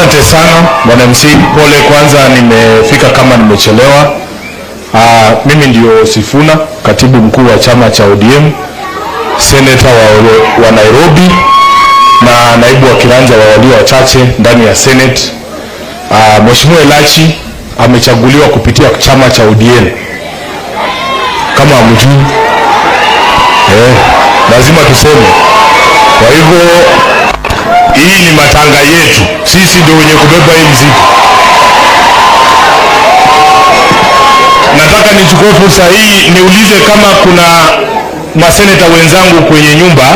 Asante sana bwana MC, pole kwanza, nimefika kama nimechelewa. Aa, ah, mimi ndio Sifuna, katibu mkuu wa chama cha ODM, seneta wa, wa Nairobi na naibu wa kiranja wa walio wachache ndani ya Senate. Aa, ah, Mheshimiwa Elachi amechaguliwa kupitia chama cha ODM kama mjuu eh, lazima tuseme kwa hivyo hii ni matanga yetu, sisi ndio wenye kubeba hii mzigo. Nataka nichukue fursa hii niulize kama kuna maseneta wenzangu kwenye nyumba,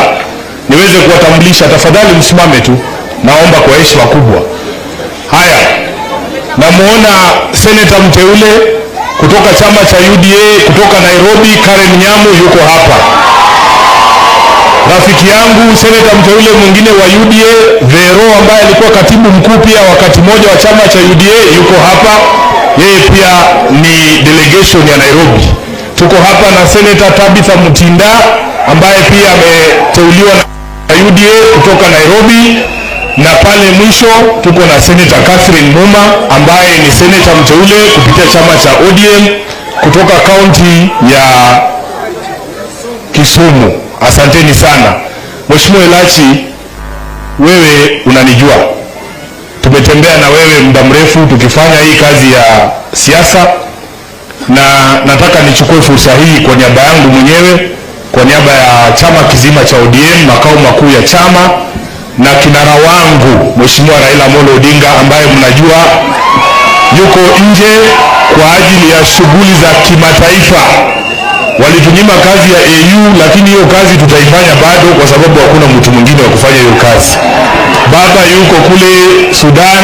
niweze kuwatambulisha. Tafadhali msimame tu, naomba kwa heshima kubwa. Haya, namwona seneta mteule kutoka chama cha UDA kutoka Nairobi, Karen Nyamu yuko hapa rafiki yangu seneta mteule mwingine wa UDA Vero, ambaye alikuwa katibu mkuu pia wakati mmoja wa chama cha UDA, yuko hapa. Yeye pia ni delegation ya Nairobi. Tuko hapa na seneta Tabitha Mutinda ambaye pia ameteuliwa na UDA kutoka Nairobi, na pale mwisho tuko na seneta Catherine Muma ambaye ni seneta mteule kupitia chama cha ODM kutoka kaunti ya Kisumu. Asanteni sana. Mheshimiwa Elachi, wewe unanijua, tumetembea na wewe muda mrefu tukifanya hii kazi ya siasa, na nataka nichukue fursa hii kwa niaba yangu mwenyewe, kwa niaba ya chama kizima cha ODM, makao makuu ya chama na kinara wangu Mheshimiwa Raila Amolo Odinga ambaye mnajua yuko nje kwa ajili ya shughuli za kimataifa Walitunyima kazi ya AU, lakini hiyo kazi tutaifanya bado, kwa sababu hakuna mtu mwingine wa kufanya hiyo kazi. Baba yuko kule Sudan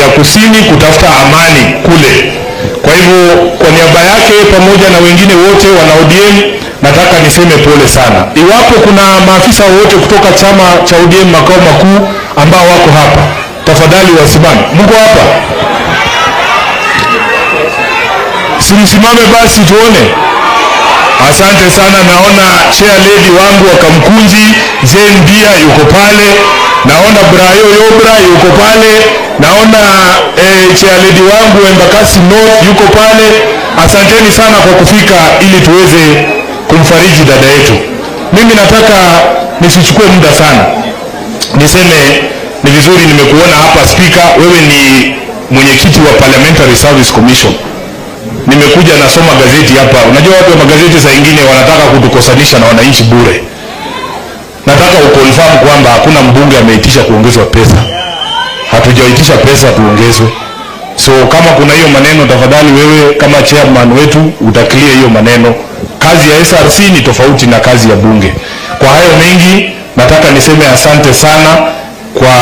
ya Kusini kutafuta amani kule. Kwa hivyo, kwa niaba yake pamoja na wengine wote wana ODM nataka niseme pole sana. Iwapo kuna maafisa wote kutoka chama cha ODM makao makuu ambao wako hapa, tafadhali wasimame. Mko hapa? Simsimame basi tuone. Asante sana. Naona chair lady wangu wa Kamkunji Jane Bia yuko pale, naona Brayo Yobra yuko pale, naona eh, chair lady wangu Embakasi North yuko pale. Asanteni sana kwa kufika ili tuweze kumfariji dada yetu. Mimi nataka nisichukue muda sana, niseme ni vizuri nimekuona hapa spika, wewe ni mwenyekiti wa Parliamentary Service Commission nimekuja nasoma gazeti hapa. Unajua watu wa magazeti saa ingine wanataka kutukosanisha na wananchi bure. Nataka uconfirm kwamba hakuna mbunge ameitisha kuongezwa pesa, hatujaitisha pesa tuongezwe. So kama kuna hiyo maneno, tafadhali wewe kama chairman wetu utaklia hiyo maneno. Kazi ya SRC ni tofauti na kazi ya bunge. Kwa hayo mengi, nataka niseme asante sana kwa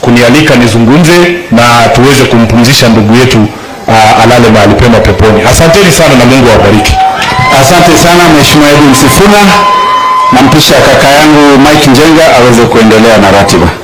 kunialika nizungumze na tuweze kumpumzisha ndugu yetu uh, alale mahali pema peponi. Asanteni sana na Mungu awabariki. Asante sana Mheshimiwa Edu Msifuna, nampisha kaka yangu Mike Njenga aweze kuendelea na ratiba.